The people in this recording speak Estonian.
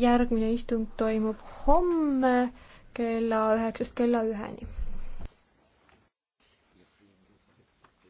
järgmine istung toimub homme kella üheksast kella üheni